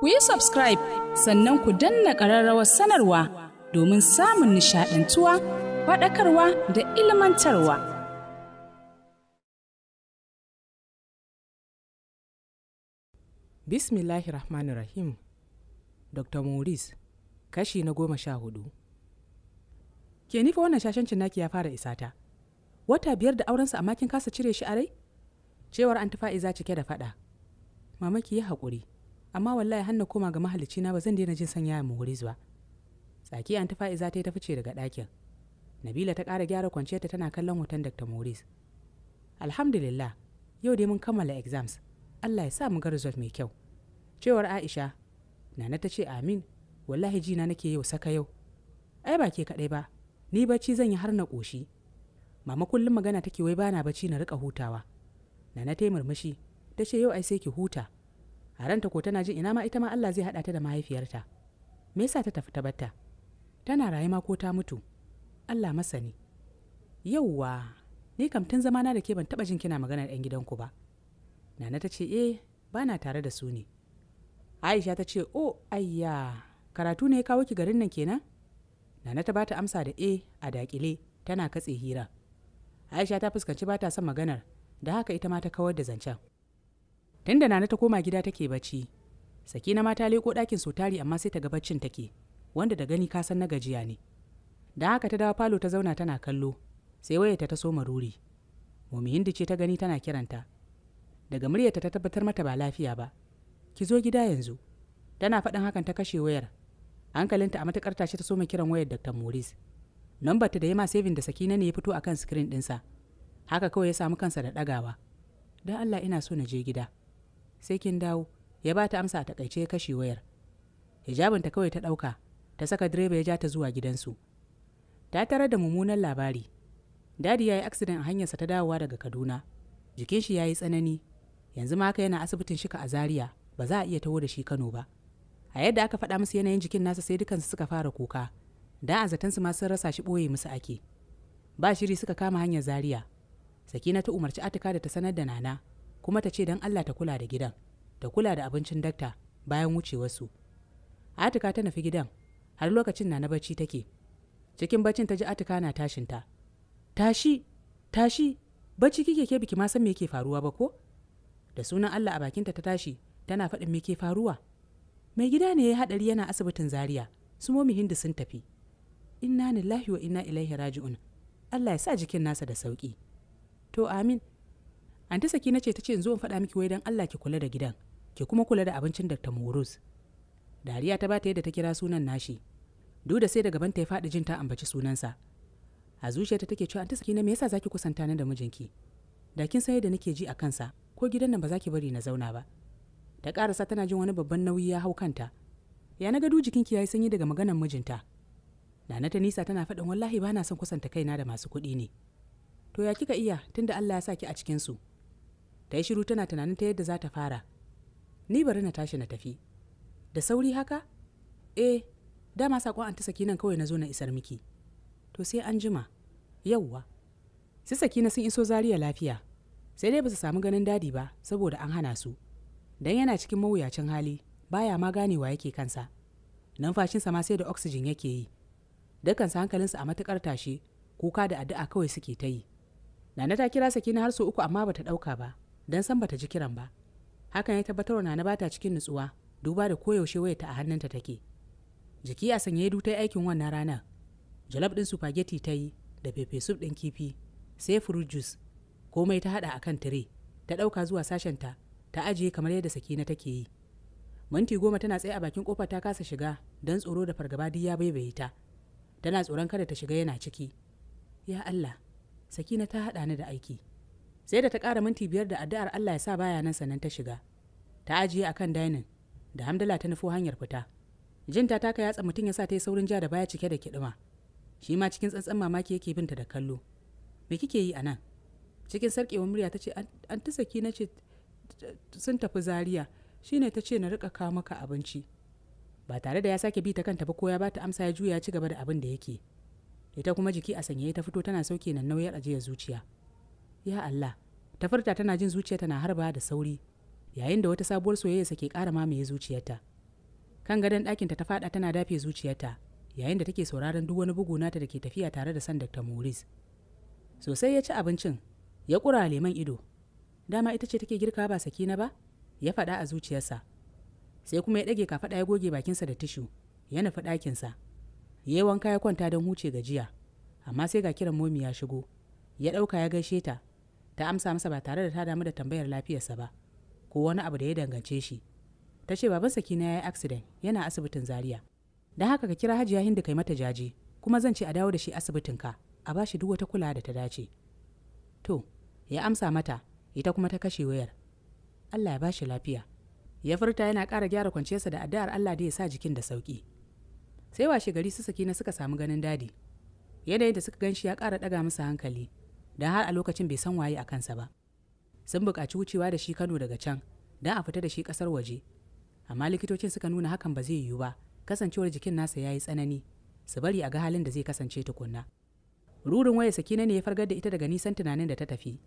ku yi subscribe sannan ku danna ƙararrawar sanarwa domin samun nishaɗantuwa faɗakarwa da ilmantarwa. Bismillahir Rahmanir Rahim Dr. Maurice, kashi na goma sha hudu. Ke nifa wannan shashancin naki ya fara isata. Wata biyar da aurensa a makin kasa cire shi a rai? Cewar an tufa iza cike da faɗa. Mamaki ya haƙuri. amma wallahi hannu koma ga mahalicci na ba zan daina jin sanya mu wuri ba tsaki an tafa iza ta yi ta fice daga ɗakin nabila ta ƙara gyara kwanciyarta tana kallon hoton dr moris. alhamdulillah yau dai mun kammala exams allah ya sa mu ga result mai kyau cewar aisha nana ta ce amin wallahi jina nake yau saka yau ai ba ke kaɗai ba ni bacci zan yi har na ƙoshi mama kullum magana take wai bana bacci na riƙa hutawa nana ta yi murmushi ta ce yau ai sai ki huta a ranta ko tana jin ina ma ita ma Allah zai haɗa ta da mahaifiyarta me yasa ta tafi ta batta tana raye ma ko ta mutu Allah masani yauwa ni kam tun zama na da ke ban taɓa jin kina maganar 'yan gidanku ba nana ta ce eh ba tare da su ne aisha ta ce o oh, ayya karatu ne ya kawo ki garin nan kenan nana ta bata amsa da e a dakile tana katse hira aisha ta fuskanci bata son maganar da haka ita ma ta kawar da zancen Tun da nana ta koma gida take bacci Saki na mata leko ɗakin sotari amma sai ta ga baccin take wanda da gani kasan na gajiya ne da haka ta dawo falo ta zauna tana kallo sai wayarta ta so maruri mumi hindi ce ta gani tana kiranta daga muryarta ta tabbatar mata ba lafiya ba ki zo gida yanzu tana faɗin hakan ta kashe wayar hankalinta a matuƙar tashi ta so mai kiran wayar dr maurice lambar ta da yama saving da sakina ne ya fito akan screen ɗinsa haka kawai ya samu kansa da ɗagawa don allah ina so na je gida sai kin dawo ya ba ta amsa a takaice ya kashe wayar ta kawai ta ɗauka ta saka direba ya ja ta zuwa gidansu ta tare da mummunan labari dadi ya yi aksiden a hanyarsa ta dawowa daga kaduna jikin shi ya yi tsanani yanzu ma haka yana asibitin shika a zaria ba za a iya taho da shi kano ba a yadda aka faɗa musu yanayin jikin nasa sai dukansu suka fara kuka da a zatansu ma sun rasa shi ɓoye musu ake ba shiri suka kama hanyar zaria sakina ta umarci atika da ta sanar da nana kuma ta ce don Allah ta kula da gidan ta kula da abincin dakta bayan wucewarsu atika ta nafi gidan har lokacin na na bacci take cikin baccin ta ji atika na tashin ta. tashi tashi bacci kike ke biki ma san me ke faruwa ba ko da sunan Allah a bakinta ta tashi tana faɗin me ke faruwa mai gida ne ya haɗari yana asibitin zaria su momi hindu sun tafi inna lillahi wa inna ilaihi raji'un Allah ya sa jikin nasa da sauki to amin anti na ce ta ce in zo faɗa miki wai dan Allah ki kula da gidan ki kuma kula da abincin Dr. Morus dariya ta bata yadda ta kira sunan nashi duk da sai daga ban ta ya faɗi jin ta ambaci sunansa a zuciyarta take cewa anti na me yasa zaki kusanta ni da mijinki da kin san yadda nake ji a kansa ko gidan nan ba za ki bari na zauna ba ta karasa tana jin wani babban nauyi ya hau kanta ya na gado jikinki yayi sanyi daga maganar mijinta Nana ta nisa tana faɗin wallahi ba na son kusanta kaina da masu kuɗi ne. To ya kika iya tunda Allah ya sa ki a cikinsu. ta yi shiru tana tunanin ta yadda za ta fara ni bari na tashi na tafi da sauri haka eh dama sakon an ta saki nan kawai na zo na isar miki to sai an jima yauwa su na sun iso zariya lafiya sai dai ba su samu ganin dadi ba saboda an hana su dan yana cikin mawuyacin hali baya ma ganewa yake kansa numfashinsa ma sai da oxygen yake yi Dukkansa hankalinsa a matukar tashi, kuka da addu'a kawai suke ta yi nana ta kira sakina har sau uku amma bata ɗauka ba don san bata ji kiran ba hakan ya tabbatar na bata cikin nutsuwa duba da koyaushe wayarta a hannunta take jiki a sanye du ta aikin wannan rana jalab ɗin supageti ta yi da pepe soup din kifi sai fruit juice komai ta haɗa akan tire ta ɗauka zuwa sashenta ta ajiye kamar yadda sakina take yi minti goma tana tsaye a bakin kofar ta kasa shiga don tsoro da fargaba duk ya baibaye ta tana tsoron kada ta shiga yana ciki ya allah sakina ta haɗa ni da aiki sai da ta ƙara minti biyar da addu'ar Allah ya sa baya nan sannan ta shiga ta ajiye a kan dainin da hamdala ta nufo hanyar fita jin ta taka yatsa mutum ya sa ta yi saurin ja da baya cike da kiɗima shi ma cikin tsantsan mamaki yake binta da kallo me kike yi a nan cikin sarkewar murya ta ce an ta saki na ce sun tafi zaria ne ta ce na rika kawo maka abinci ba tare da ya sake bi ta kanta ba ko ya bata amsa ya juya ci gaba da abin da yake ita kuma jiki a sanye ta fito tana sauke nan nauyar ajiyar zuciya ya allah tafarta tana jin zuciyarta na harba da sauri yayin da wata sabuwar soyayyarsa ke ƙara mamaye zuciyarta kan gadon ɗakinta ta faɗa tana dafe zuciyarta yayin da take sauraron duk wani bugu nata da ke tafiya tare da san Dr. Morris. Sosai ya ci abincin, ya ƙura leman ido. Dama ita ce take girka ba sakina ba? Ya faɗa a zuciyarsa. Sai kuma ya ɗage kafaɗa ya goge bakinsa da tishu, ya nufi ɗakinsa. Ya yi wanka ya kwanta don huce gajiya, amma sai ga kiran momi ya shigo. Ya ɗauka ya gaishe ta, ta amsa masa ba tare da ta damu da tambayar lafiyarsa ba ko wani abu da ya dangance shi ta ce baban sakina ya yi accident yana asibitin zaria dan haka ka kira hajiya hindu kai mata jaje kuma zan ce a dawo da shi ka a ba shi duk wata kula da ta dace to ya amsa mata ita kuma ta kashe wayar allah ya ba lafiya ya furta yana ƙara gyara kwanciyarsa da addu'ar allah da ya sa jikin da sauki sai washe gari su na suka samu ganin dadi yanayin da suka gan shi ya ƙara ɗaga masa hankali Don har a lokacin bai san waye a kansa ba sun buƙaci wucewa da shi kano daga can don a fita da shi ƙasar waje amma likitocin suka nuna hakan ba zai yiwu ba kasancewar jikin nasa ya yi tsanani su bari a ga halin da zai kasance tukunna rurin waya sakina ne ya fargar da ita daga nisan tunanin da ta tafi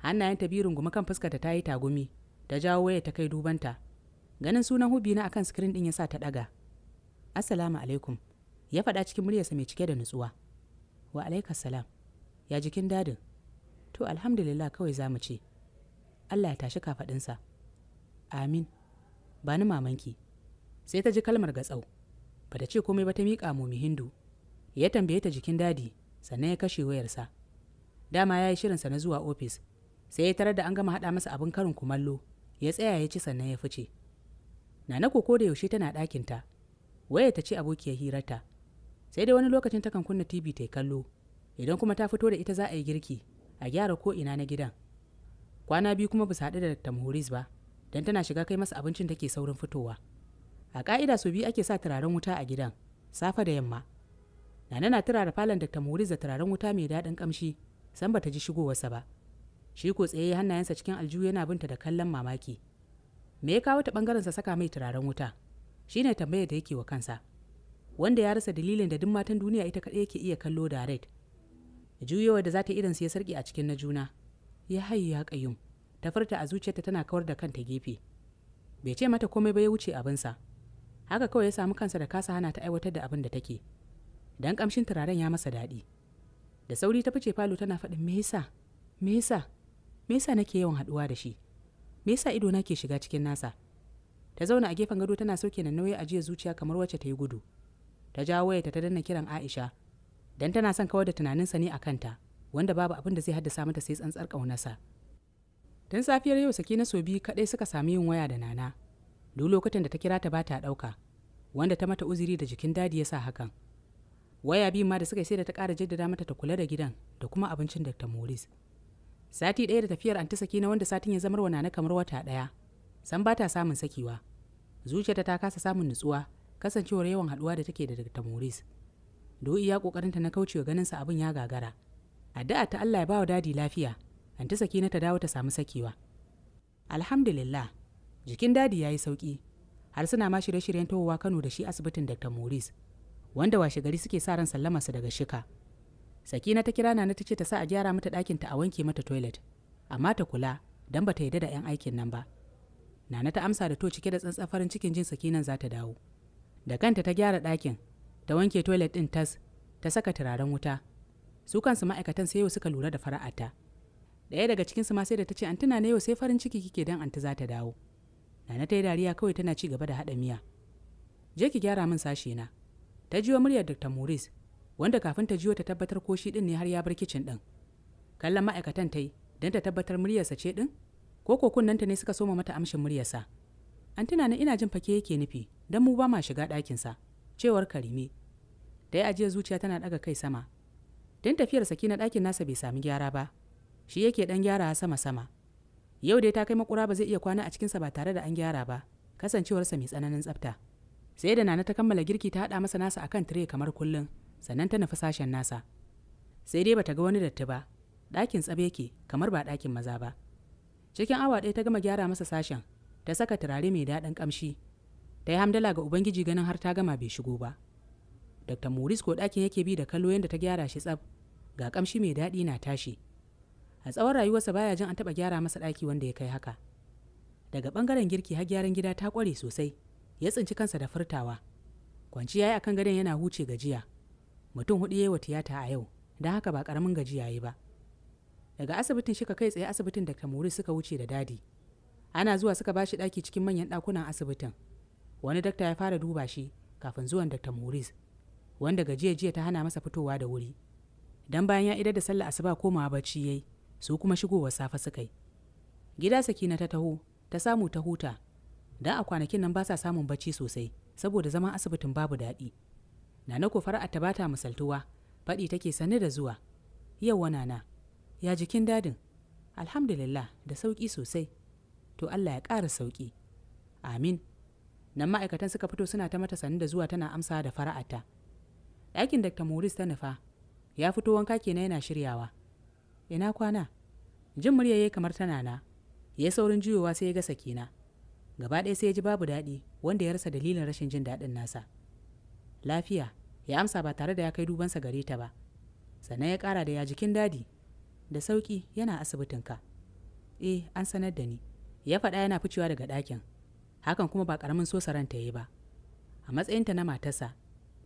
hannayen ta biyu runguma kan fuskarta ta yi tagumi ta jawo waya ta kai dubanta ganin sunan hubi na akan sikirin din ya sa ta ɗaga. assalamu alaikum ya faɗa cikin muryarsa mai cike da nutsuwa wa alaikas ya jikin dadin to alhamdulillah kawai za mu ce allah ya tashi kafaɗinsa amin ba ni mamanki sai ta ji kalmar gatsau ba ta ce komai ba ta miƙa momi hindu ya tambaye ta jikin dadi sannan ya kashe wayarsa dama ya yi shirinsa na zuwa ofis sai ya tarar da an gama haɗa masa abin karin kumallo ya tsaya ya ci sannan ya fice nana koko da yaushe tana ɗakinta waya ta ce abokiyar hirarta sai dai wani lokacin takan kunna tv ta kallo idan kuma ta fito da ita za a yi girki a gyara ko ina na gidan kwana biyu kuma bisa haɗu da Dr. Maurice ba don tana shiga kai masa abincin take saurin fitowa a ƙa'ida su biyu ake sa turaren wuta a gidan safe da yamma nana na turara falon Dr. Maurice da turaren wuta mai daɗin ƙamshi san ta ji shigowarsa ba shi ko tsaye hannayensa cikin aljihu yana binta da kallon mamaki me ya kawo ta bangaren sa saka mai turaren wuta Shi shine tambayar da yake wa kansa wanda ya rasa dalilin da duk matan duniya ita kaɗai yake iya kallo da red juyowa da za ta idan ya sarki a cikin na juna ya hayi ya kayyum ta furta a zuciyarta tana kawar da kanta gefe bai ce mata komai ba ya wuce abinsa haka kawai ya samu kansa da kasa hana ta aiwatar da abin da take dan kamshin turaren ya masa daɗi da sauri ta fice falo tana faɗin me yasa me yasa me yasa nake yawan haɗuwa da shi me yasa ido na ke shiga cikin nasa ta zauna a gefen gado tana sauke na nauyi a jiya zuciya kamar wacce ta yi gudu ta jawo wayarta ta danna kiran Aisha Dan tana son kawar da tunaninsa ne a kanta wanda babu abin da zai haddasa mata sai tsantsar ƙaunarsa tun safiyar yau saki na sobi kaɗai suka sami yin waya da nana duk lokutan da ta kira ta ba ta ɗauka wanda ta mata uziri da jikin dadi ya sa hakan waya biyu ma da suka sai da ta ƙara jaddada mata ta kula da gidan da kuma abincin dr morris sati ɗaya da tafiyar anti saki na wanda satin ya zamar wa nana kamar wata ɗaya san ba ta samun sakewa zuciyarta ta kasa samun nutsuwa kasancewar yawan haɗuwa da take da dr morris do iya kokarinta na kaucewa ganin sa abin ya gagara addu'a ta Allah ya bawa dadi lafiya saki na ta dawo ta samu sakewa alhamdulillah jikin dadi ya yi sauki har suna ma shirye-shiryen tohowa Kano da shi asibitin Dr. Morris, wanda washe gari suke sa ran sallama su daga shika sakina ta kira na na tace ta sa a gyara mata ɗakin ta a wanke mata toilet amma ta kula dan bata yarda da 'yan aikin nan ba nana ta amsa da to cike da tsantsan farin cikin jin sakinan za ta dawo da kanta ta gyara ɗakin ta wanke toilet ɗin tas ta saka turaren wuta su kansu ma'aikatan sai yau suka lura da fara'ata ɗaya daga cikinsu ma sai da ta ce an tuna na yau sai farin ciki kike dan anti za ta dawo nana ta yi dariya kawai tana ci gaba da haɗa miya je ki gyara min sashe na ta jiwa muryar dr maurice wanda kafin ta jiwa ta tabbatar ko shi ɗin ne har ya bar kicin ɗin kallon ma'aikatan ta yi don ta tabbatar muryarsa ce ɗin ko ko ta ne suka soma mata amshin muryarsa an tuna na ina jin fake yake nufi don mu ba ma shiga ɗakinsa. sa cewar karime da ya ajiye zuciya tana daga kai sama don tafiyar saki na ɗakin nasa bai sami gyara ba shi yake ɗan gyara sama sama yau dai ta kai makura ba zai iya kwana a cikinsa ba tare da an gyara ba kasancewarsa mai tsananin tsafta sai da nana ta kammala girki ta haɗa masa nasa akan tire kamar kullum sannan ta nufi sashen nasa sai dai bata ga wani datti ba ɗakin tsabe yake kamar ba ɗakin maza ba cikin awa ɗaya ta gama gyara masa sashen ta saka turare mai daɗin ƙamshi ta yi hamdala ga ubangiji ganin har ta gama bai shigo ba dr maurice ko ɗakin yake bi da kallo yadda ta gyara shi tsaf ga ƙamshi mai daɗi na tashi a tsawon rayuwarsa baya jin an taɓa gyara masa ɗaki wanda ya kai haka daga ɓangaren girki har gyaran gida ta ƙware sosai ya tsinci kansa da furtawa Kwanci ya yi akan gadon yana huce gajiya mutum hudu ya yi wa tiyata a yau don haka ba ƙaramin gajiya ya ba daga asibitin shika kai tsaye asibitin dr maurice suka wuce da dadi ana zuwa suka bashi ɗaki cikin manyan ɗakunan asibitin wani dakta ya fara duba shi kafin zuwan dakta moris wanda gajiya jiya ta hana masa fitowa da wuri dan bayan ya idar da sallah asuba komawa bacci yayi su kuma shigowa safe suka yi gida sakina ta taho ta samu ta huta dan a kwanakin nan ba sa samun bacci sosai saboda zaman asibitin babu daɗi nana ko fara ta bata misaltuwa faɗi take sani da zuwa yau nana ya jikin dadin alhamdulillah da sauƙi sosai to allah ya ƙara sauƙi amin nan ma'aikatan suka fito suna ta mata sanda zuwa tana amsa da fara'ata ɗakin dr maurice ta nufa ya fito wanka kenan yana shiryawa ina kwana jin murya yayi kamar tana na ya saurin juyowa sai ya ga sakina gaba ɗaya sai ya ji babu daɗi wanda ya rasa dalilin rashin jin daɗin nasa lafiya ya amsa ba tare da ya kai dubansa gare ta ba sannan ya ƙara da ya jikin dadi da sauƙi yana asibitinka eh an sanar da ni ya faɗa yana ficewa daga ɗakin hakan kuma ba ƙaramin so saranta ya yi ba a matsayinta na matarsa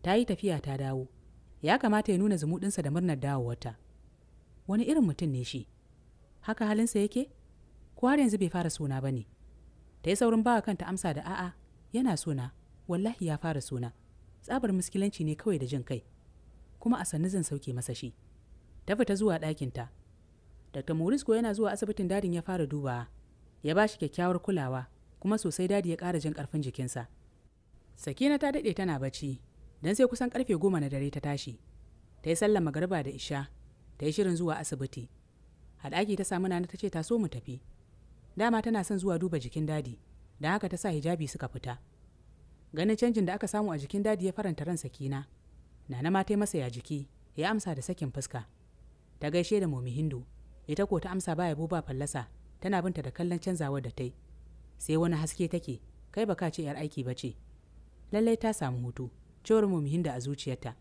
ta yi tafiya ta dawo ya kamata ya nuna zumuɗinsa da murnar dawowarta wani irin mutum ne shi haka halinsa yake ko har yanzu bai fara suna ba ne ta yi saurin bawa kanta amsa da a'a yana suna wallahi ya fara suna tsabar muskilanci ne kawai da jin kai kuma a sannu zan sauke masa shi ta fita zuwa ɗakinta dr morisco yana zuwa asibitin dadin ya fara dubawa ya ba shi kyakkyawar kulawa kuma sosai dadi ya ƙara jin ƙarfin jikinsa sakina ta daɗe tana bacci don sai kusan ƙarfe goma na dare ta tashi ta yi sallama magariba da isha ta yi shirin zuwa asibiti haɗaki ta samu nana ta ce ta so mu tafi dama tana son zuwa duba jikin dadi don haka ta sa hijabi suka fita ganin canjin da aka samu a jikin dadi ya faranta ran sakina nana ma ta yi masa ya jiki ya amsa da sakin fuska ta gaishe da momi hindu ita ko ta amsa ba yabo ba fallasa tana binta da kallon canzawar da ta yi sai wani haske take kai ba ka ce yar aiki ba ce lallai ta samu hutu cewar mumihinda a zuciyarta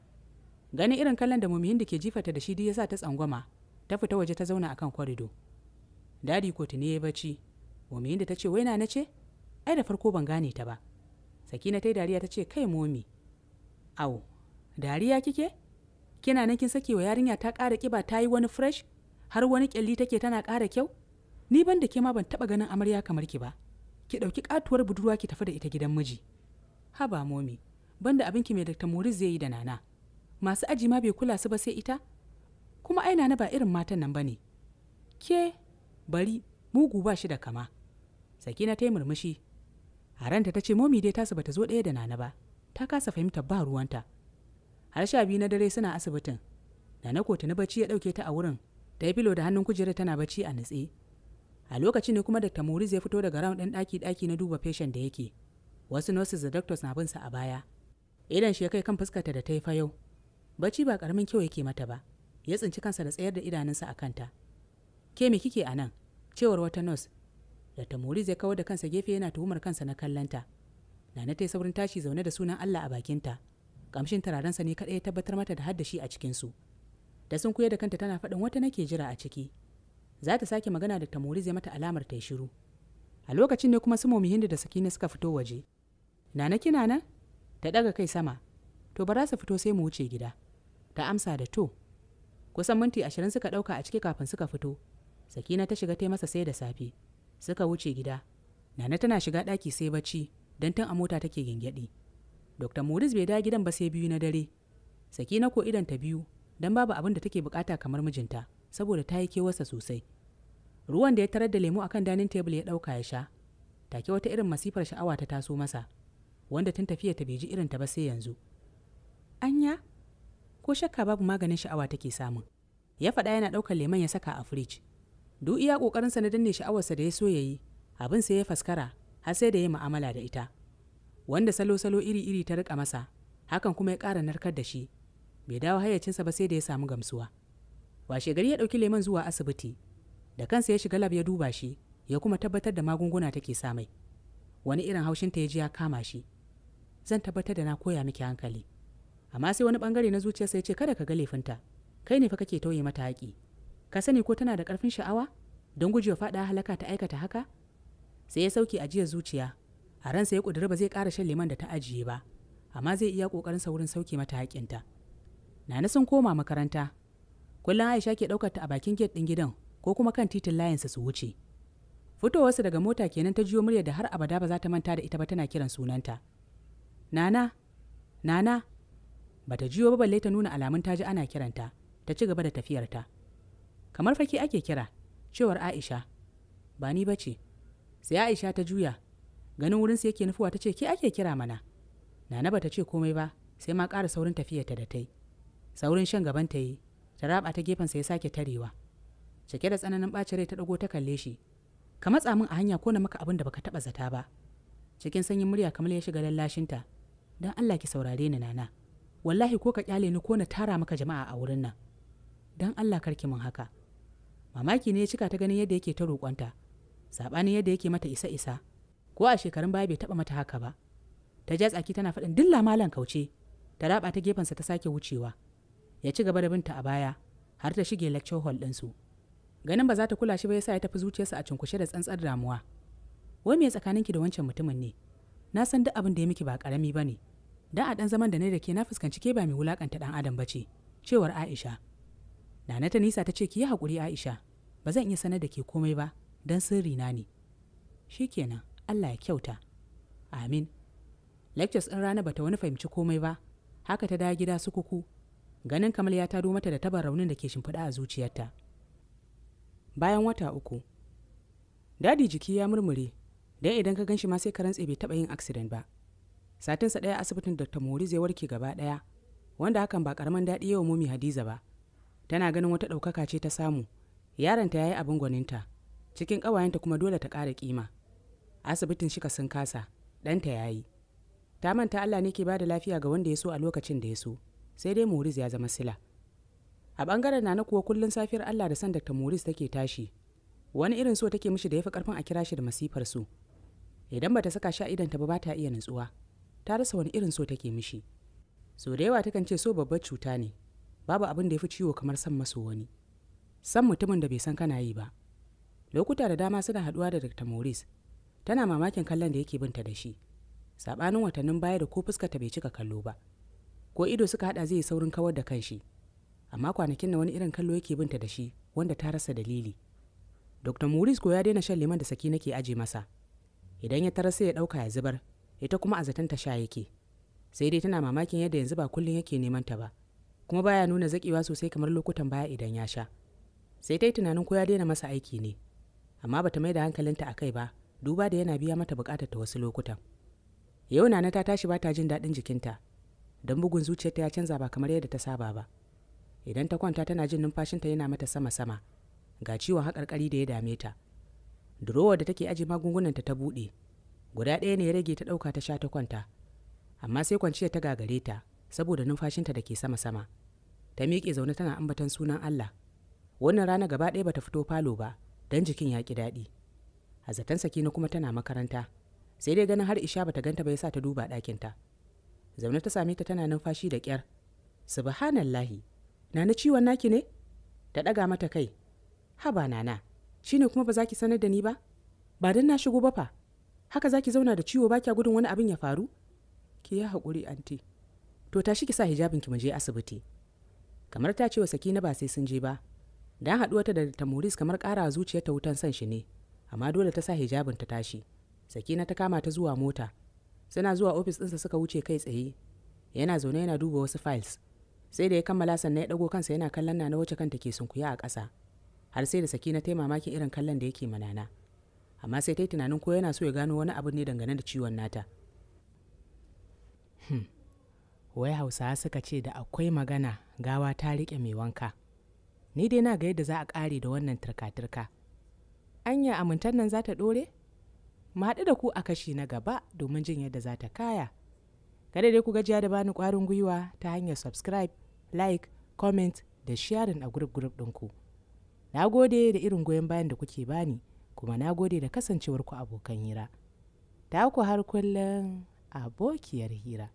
ganin irin kallon da mumihinda ke jifata da shi duk yasa ta tsangwama ta fita waje ta zauna akan kwarido dadi ko ne ya bacci mumihinda ta ce waina na ce ai da farko ban gane ta ba sakina ta dariya ta ce kai momi au dariya kike kina nan kin sake wa yarinya ta ƙara ƙiba ta yi wani fresh har wani ƙyalli take tana ƙara kyau ni ban da ke ma ban taɓa ganin amarya kamar ki ba ki ɗauki katuwar budurwa ki tafi da ita gidan miji haba momi banda abinki mai dakta moris zai yi da nana masu aji ma bai kula su ba sai ita kuma ai nana ba irin matan nan ba ne. ke bari mugu ba shi da kama sakina ta yi murmushi A ranta ta ce momi dai tasu bata zo ɗaya da nana ba ta kasa fahimta ba ruwanta har sha biyu na dare suna asibitin nana ko na bacci ya ɗauke ta a wurin ta yi filo da hannun kujerar tana bacci a nutse a lokaci ne kuma dr muri ya fito daga round ɗin ɗaki-ɗaki na duba feshen da yake wasu nurses da doctors na bin sa a baya idan shi ya kai kan fuskarta da ta yi fayau bacci ba karamin kyau yake mata ba ya tsinci kansa da tsayar da idanunsa a kanta ke me kike a nan cewar wata nurse dr muri ya kawo da kansa gefe yana tuhumar kansa na kallanta nana ta yi saurin tashi zaune da sunan allah a bakinta kamshin turarensa ne kaɗai ya tabbatar mata da haddashi a cikinsu da sun kuya da kanta tana faɗin wata nake jira a ciki za ta sake magana da tamori zai mata alamar ta yi shiru a lokacin ne kuma su hindu da sakina suka fito waje nana kina nan ta daga kai sama to ba su fito sai mu wuce gida ta amsa da to kusan minti ashirin suka ɗauka a ciki kafin suka fito sakina ta shiga ta masa sai da safe suka wuce gida nana tana shiga ɗaki sai bacci don tun a mota take gyangyaɗi dr moris bai da gidan ba sai biyu na dare sakina ko idan ta biyu don babu abin da take bukata kamar mijinta saboda ta yi kewarsa sosai ruwan da ya tarar da lemu akan danin tebul ya ɗauka ya sha take wata irin masifar sha'awa ta taso masa wanda tun tafiya ta bai ji irin ta ba sai yanzu anya ko shakka babu maganin sha'awa take samu. ya faɗa yana ɗaukar lemon ya saka a firij duk iya ƙoƙarinsa na danne sha'awarsa da ya so ya yi abin sai ya faskara har sai da ya mu'amala da ita wanda salo-salo iri-iri ta rika masa hakan kuma ya ƙara narkar da shi bai dawo hayyacinsa ba sai da ya samu gamsuwa washe gari ya ɗauki lemon zuwa asibiti da kansa ya shiga lab ya duba shi ya kuma tabbatar da magunguna take samai wani irin haushin ta ya ji ya kama shi zan tabbatar da na koya miki hankali amma sai wani bangare na zuciyarsa ya ce kada ka ga laifinta kai ne fa kake tauye mata haƙi ka sani ko tana da ƙarfin sha'awa don gujewa faɗa halaka ta aikata haka sai ya sauke ajiyar zuciya a ransa ya ƙudiri ba zai ƙara shan leman da ta ajiye ba amma zai iya ƙoƙarinsa saurin sauke mata haƙinta nana sun koma makaranta kullum aisha ke ɗaukar a bakin gate ɗin gidan ko kuma kan titin layinsa su wuce fitowarsa daga mota kenan ta jiyo murya da har abada ba za ta manta da ita ba tana kiran sunanta nana nana ba ta jiyo ba balle ta nuna alamun ta ji ana kiranta ta ci gaba da tafiyarta kamar faki ake kira cewar aisha ba ni bace sai aisha ta juya ganin wurinsa yake nufuwa ta ce ke ake kira mana nana ba ta ce komai ba sai ma ƙara saurin tafiyarta da ta yi saurin shan gaban ta yi ta raba ta gefensa ya sake tarewa cike da tsananin bacin rai ta dago ta kalle shi ka matsa min a hanya ko na maka abin da baka taɓa zata ba cikin sanyin murya kamar ya shiga lallashinta don allah ki saurare ni nana wallahi ko ka kyale ni ko na tara maka jama'a a wurin nan don allah karki min haka mamaki ne ya cika ta ganin yadda yake ta roƙonta saɓanin yadda yake mata isa isa ko a shekarun baya bai taɓa mata haka ba ta ja tsaki tana faɗin dilla malan kauce ta raba ta gefensa ta sake wucewa ya ci gaba da binta a baya har ta shige lecture hall ɗinsu. su ganin ba za ta kula shi ba yasa ya tafi zuciyarsa a cunkushe da tsantsar damuwa wai me tsakaninki da wancan mutumin ne na san duk abin da ya miki ba karami ba ne dan a dan zaman da ne da ke na fuskanci ke ba mai wulakanta dan adam bace cewar Aisha Nana ta nisa ta ce ki yi hakuri Aisha ba zan iya sanar da ke komai ba dan sirri na ne Shi kenan Allah ya kyauta amin lectures din rana bata wani fahimci komai ba haka ta dawo gida su kuku ganin kamal ya taro mata da tabar raunin da ke shimfiɗa a zuciyarta bayan wata uku dadi jiki ya murmure dan idan ka ganshi ma sai ka rantse bai taɓa yin accident ba satinsa ɗaya asibitin dr mori zai warke gaba ɗaya wanda hakan ba karaman daɗi yawa mumi hadiza ba tana ganin wata ɗaukaka ce ta samu yaronta ya yi abin gwaninta cikin ƙawayenta kuma dole ta ƙara ƙima asibitin shika sun kasa ɗanta ya yi ta manta allah ne ke ba da lafiya ga wanda ya so a lokacin da ya so sai dai moriz ya zama sila a bangaren nana kuwa kullun safiyar allah da san dr morris take tashi wani irin so take mishi da ya fi karfin a kira shi da masifar su idan bata saka sha a ta ba ta iya nutsuwa ta rasa wani irin so take mishi so da yawa takan ce so babbar cuta ne babu abin da ya fi ciwo kamar san maso wani san mutumin da bai san kana yi ba lokuta da dama suna haduwa da dr morris tana mamakin kallon da yake binta da shi sabanin watannin baya da ko fuskarta bai cika kallo ba ko ido suka hada zai saurin kawar da kanshi amma kwanakin na wani irin kallo yake binta da shi wanda ta rasa dalili dr maurice ko ya daina shan liman da saki nake aje masa idan ya tara sai ya dauka ya zubar ita kuma a zaton ta sha yake sai dai tana mamakin yadda yanzu ba kullum yake neman ta ba kuma baya nuna zakewa sosai kamar lokutan baya idan ya sha sai ta yi tunanin ko ya daina masa aiki ne amma bata mai da hankalinta a kai ba duba da yana biya mata bukatar ta wasu lokutan yau nana ta tashi ba ta jin daɗin jikinta don bugun zuciyarta ya canza ba kamar yadda ta saba ba idan ta kwanta tana jin numfashinta yana mata sama-sama ga ciwon haƙarƙari da ya dame ta durowar da take aji magungunanta ta buɗe guda ɗaya ne ya rage ta ɗauka ta sha ta kwanta amma sai kwanciyar ta gagare ta saboda numfashinta da ke sama-sama ta miƙe zaune tana ambatan sunan Allah wannan rana gaba ɗaya bata fito falo ba don jikin ya ƙi daɗi a zaton sakina kuma tana makaranta sai dai ganin har isha bata ganta ba ya sa ta duba ɗakinta zaune ta same ta tana numfashi da ƙyar subhanallahi nana ciwon naki ne ta ɗaga mata kai haba nana ne kuma ba za ki sanar da ni ba ba don na shigo ba fa haka za ki zauna da ciwo ba kya gudun wani abin ya faru ki ya haƙuri anti to tashi ki sa hijabin ki mu je asibiti kamar ta ce wa sakina ba sai sun je ba dan da ta da Maurice kamar ƙara zuciyar ta wutan san shi ne amma dole ta sa hijabin ta tashi sakina ta kama ta zuwa mota suna zuwa ofis ɗinsa suka wuce kai tsaye yana zaune yana duba wasu files sai da ya kammala sannan ya dago kansa yana kallon nana wacce kanta ke sunkuya a ƙasa har sai da sakina ta mamakin irin kallon da yake manana amma sai ta yi tunanin ko yana so ya gano wani abu ne dangane da ciwon nata hmm. wai hausawa suka ce da akwai magana gawa ta riƙe mai wanka ni dai na ga yadda za a ƙare da wannan turka-turka anya amintar nan za ta ɗore Maɗu da ku a kashi na gaba domin jin yadda za ta kaya kada dai ku gajiya da bani ƙwarin gwiwa ta hanyar subscribe like comment da sharing a group group ɗinku na gode da irin goyon bayan da kuke bani kuma na gode da kasancewarku abokan hira ta ku har kullum abokiyar hira